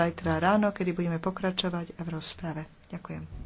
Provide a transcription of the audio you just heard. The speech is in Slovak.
zajtra ráno, kedy budeme pokračovať v rozprave. Ďakujem.